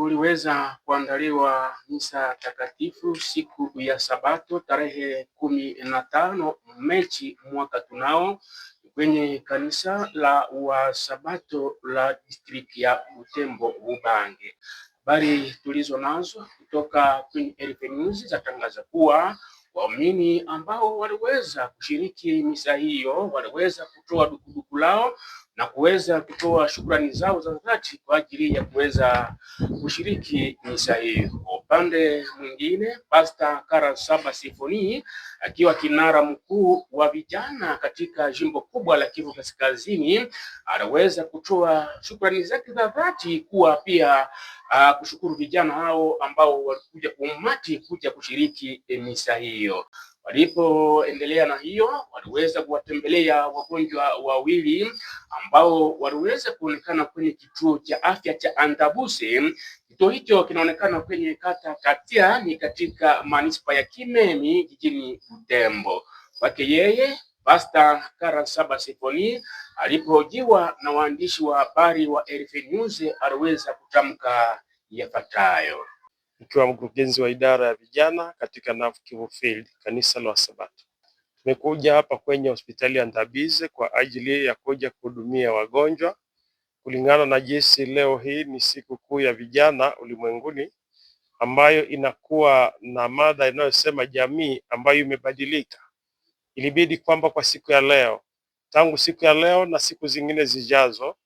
kuliweza kuandaliwa misa takatifu siku ya Sabato tarehe kumi na tano mechi mwaka tunao kwenye kanisa la Wasabato la distrikti ya Butembo Bubange. Habari tulizo nazo kutoka Queen Elfe News zatangaza kuwa waumini ambao waliweza kushiriki misa hiyo waliweza kutoa dukuduku lao na kuweza kutoa shukrani zao za dhati kwa ajili ya kuweza kushiriki misa hiyo. Upande mwingine, Pasta Karasaba Sifoni akiwa kinara mkuu wa vijana katika jimbo kubwa la Kivu Kaskazini anaweza kutoa shukrani zake za dhati kuwa pia uh, kushukuru vijana hao ambao walikuja umati kuja kushiriki misa hiyo. Walipoendelea na hiyo, waliweza kuwatembelea wagonjwa wawili ambao waliweza kuonekana kwenye kituo cha afya cha Andabuse. Kituo hicho kinaonekana kwenye kata Katia, ni katika manispa ya Kimemi jijini Butembo. Kwake yeye Pasta Karasaba Sifoni alipohojiwa na waandishi wa habari wa RFI News aliweza kutamka yafuatayo ikiwa mkurugenzi wa idara ya vijana katika Nav Kivu Field, kanisa la Sabato. Tumekuja hapa kwenye hospitali ya Ndabize kwa ajili ya kuja kuhudumia wagonjwa kulingana na jinsi leo hii ni siku kuu ya vijana ulimwenguni ambayo inakuwa na mada inayosema jamii ambayo imebadilika. Ilibidi kwamba kwa siku ya leo, tangu siku ya leo na siku zingine zijazo,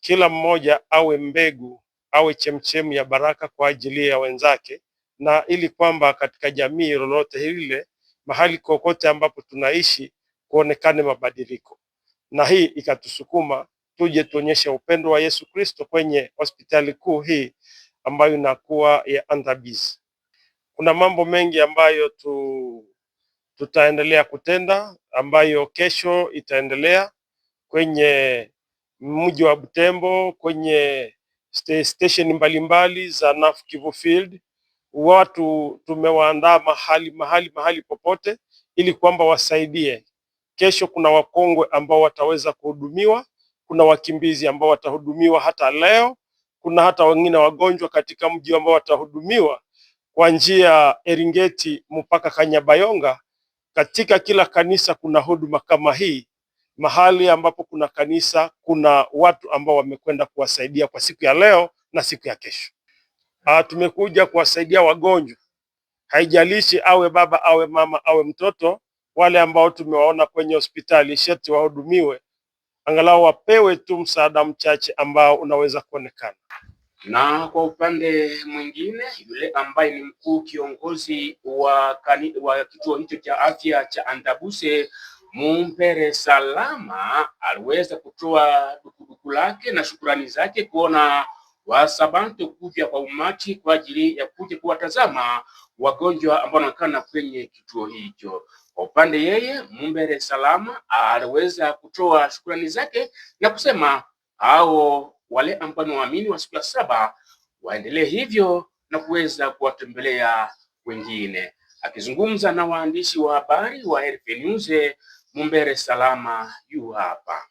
kila mmoja awe mbegu awe chemchemu ya baraka kwa ajili ya wenzake, na ili kwamba katika jamii lolote lile, mahali kokote ambapo tunaishi kuonekane mabadiliko. Na hii ikatusukuma tuje tuonyeshe upendo wa Yesu Kristo kwenye hospitali kuu hii ambayo inakuwa ya Andabizi. Kuna mambo mengi ambayo tu, tutaendelea kutenda ambayo kesho itaendelea kwenye mji wa Butembo kwenye stesheni mbalimbali za NAF Kivu Field. Watu tumewaandaa mahali mahali mahali popote, ili kwamba wasaidie. Kesho kuna wakongwe ambao wataweza kuhudumiwa, kuna wakimbizi ambao watahudumiwa hata leo, kuna hata wengine wagonjwa katika mji ambao watahudumiwa kwa njia Eringeti mpaka Kanyabayonga. Katika kila kanisa kuna huduma kama hii mahali ambapo kuna kanisa, kuna watu ambao wamekwenda kuwasaidia kwa siku ya leo na siku ya kesho. Ah, tumekuja kuwasaidia wagonjwa, haijalishi awe baba awe mama awe mtoto. Wale ambao tumewaona kwenye hospitali sheti wahudumiwe, angalau wapewe tu msaada mchache ambao unaweza kuonekana. Na kwa upande mwingine, yule ambaye ni mkuu kiongozi wa, kani, wa kituo hicho cha afya cha Andabuse Mumpere Salama aliweza kutoa dukuduku lake na shukurani zake kuona Wasabantu kuja kwa umati kwa ajili ya kuja kuwatazama wagonjwa ambao wanakana kwenye kituo hicho. Kwa upande yeye Mumbere Salama aliweza kutoa shukrani zake na kusema hao wale ambao ni waamini wa siku ya saba waendelee hivyo na kuweza kuwatembelea wengine. Akizungumza na waandishi wa habari wa RP News, Mumbere Salama yu hapa.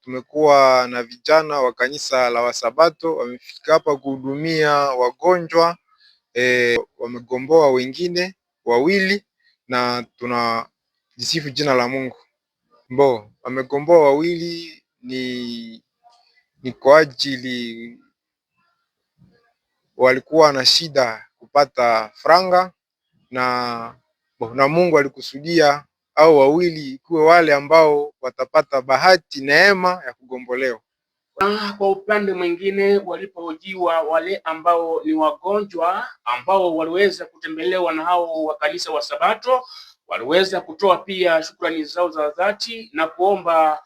Tumekuwa na vijana wa kanisa la Wasabato wamefika hapa kuhudumia wagonjwa e, wamegomboa wengine wawili na tuna jisifu jina la Mungu mbo wamegomboa wawili ni, ni kwa ajili walikuwa na shida kupata franga na na Mungu alikusudia au wawili kuwe wale ambao watapata bahati neema ya kugombolewa. Kwa upande mwingine, walipohojiwa wale ambao ni wagonjwa ambao waliweza kutembelewa na hao wa kanisa wa Sabato, waliweza kutoa pia shukrani zao za dhati na kuomba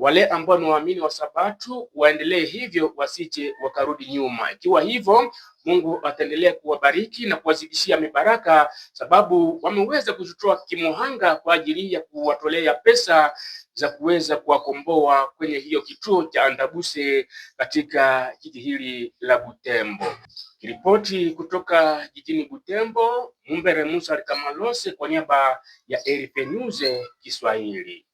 wale ambao ni waamini wa Sabato waendelee hivyo, wasije wakarudi nyuma. Ikiwa hivyo, Mungu ataendelea kuwabariki na kuwazidishia mibaraka, sababu wameweza kutoa kimuhanga kwa ajili ya kuwatolea pesa za kuweza kuwakomboa kwenye hiyo kituo cha Andabuse katika jiji hili la Butembo. Kiripoti kutoka jijini Butembo, Mumbere Musa Kamalose kwa niaba ya RP News Kiswahili.